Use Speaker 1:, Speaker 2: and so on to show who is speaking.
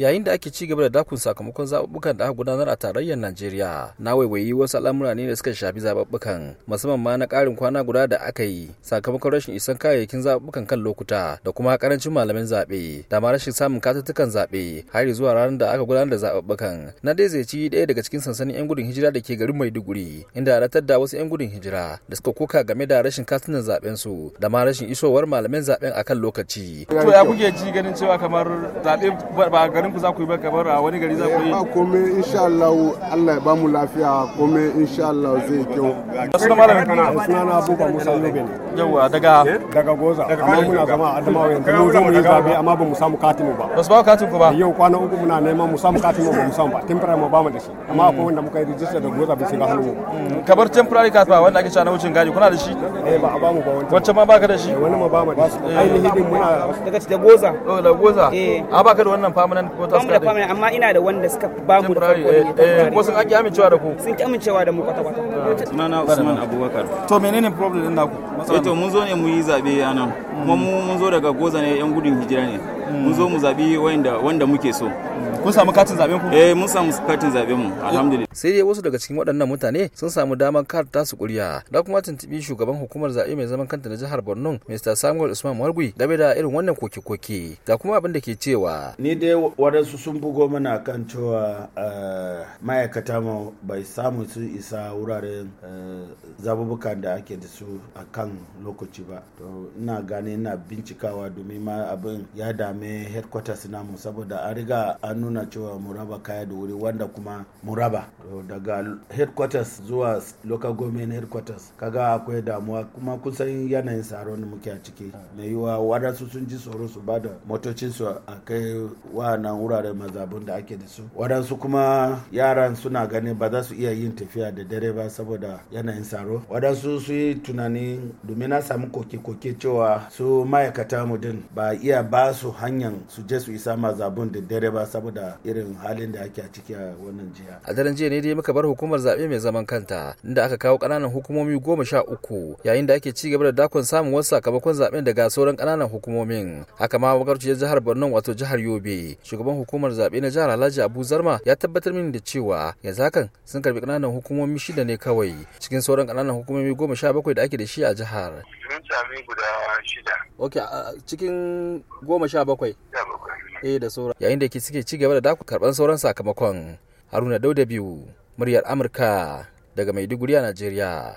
Speaker 1: yayin da ake ci gaba da dakun sakamakon zaɓuɓɓukan da aka gudanar a tarayyar Najeriya. Na waiwayi wasu al'amura ne da suka shafi zaɓuɓɓukan musamman ma na ƙarin kwana guda da aka yi sakamakon rashin isan kayayyakin zaɓuɓɓukan kan lokuta da kuma karancin malamin zaɓe da ma rashin samun katattukan zaɓe har zuwa ranar da aka gudanar da zaɓuɓɓukan. Na dai zai ci ɗaya daga cikin sansanin 'yan gudun hijira da ke garin Maiduguri inda ratar da wasu 'yan gudun hijira da suka kuka game da rashin katunan zaɓen su da ma rashin isowar malamin zaɓen akan lokaci. To ya kuke ji ganin nan ku za ku yi ba kamar a wani gari za ku yi eh, ba
Speaker 2: komai insha Allah Allah ya bamu lafiya komai insha Allah zai kyau sunana Abubakar Musa ne.
Speaker 1: yawa daga eh? daga goza amma muna zama a adamawa yanzu mun zo mu yi zabe amma
Speaker 2: ba mu samu katin ba
Speaker 1: ba su ba katin ku ba eh, yau kwana uku muna neman mu samu katin ba mu samu ba temporary mu ba mu da shi amma akwai wanda muka yi register da goza bai shiga hannu hmm, kabar temporary card ba wanda ake cewa na wucin gadi kuna da shi eh ba a ba mu ba wanda wancan ma baka da shi eh, wani ma ba mu da shi ainihi din muna daga da goza oh da goza a baka da wannan permanent ko ta da permanent amma ina da wanda suka ba mu da ko sun ake amincewa da ku sun amincewa da mu kwata kwata ah. sunana Usman Abubakar to menene problem din naku Eh, to mun zo ne mu yi zabe a nan kuma mun zo daga goza ne yan gudun hijira ne mun zo mu zaɓi wanda wanda muke so kun samu katin zaɓe ku eh mun samu katin zaɓe mu alhamdulillah sai dai wasu daga cikin waɗannan mutane sun samu damar kar ta su kuriya da kuma tuntubi shugaban hukumar zabe mai zaman kanta na jihar Borno Mr
Speaker 2: Samuel Usman Margui game da irin wannan koke-koke da kuma abin da ke cewa ni dai waɗansu sun bugo mana kan cewa eh, ma'aikata mu bai samu su isa wuraren eh, zabubukan da ake da su akan lokaci ba to ina gane ina bincikawa domin ma abin ya dame headquarters namu saboda a riga an nuna cewa muraba kaya da wuri wanda kuma muraba. daga headquarters zuwa local government headquarters kaga akwai damuwa kuma kusan yanayin tsaro da muke a ciki mai yiwa wadansu sun ji tsoro su ba da motocin su a kai wa'annan wuraren mazabun da ake da su wadansu kuma yaran suna ganin ba za su iya yin tafiya da dare ba saboda yanayin tsaro wadansu su yi tunanin domin na samu koke-koke cewa su ma'aikata mu din ba iya ba su hanyar su je su isa mazabun da dare ba saboda irin halin da ake a ciki a wannan jiya. A daren jiya ne dai muka bar hukumar zaɓe mai zaman
Speaker 1: kanta inda aka kawo ƙananan hukumomi goma sha uku yayin da ake ci gaba da dakon samun wasu sakamakon zaɓen daga sauran ƙananan hukumomin. Haka ma magarciyar jihar Borno wato jihar Yobe shugaban hukumar zaɓe na jihar Alhaji Abu Zarma ya tabbatar mini da cewa yanzu hakan sun karbi ƙananan hukumomi shida ne kawai cikin sauran ƙananan hukumomi goma sha bakwai da ake da shi a jihar. jihar? Mun sami guda shida. Ok, a cikin goma sha bakwai? Sha bakwai. Eh da sauran. Yayin da ke suke ci gaba da daku karɓar sauran sakamakon Haruna Dauda biyu, muryar Amurka daga Maiduguri a Najeriya.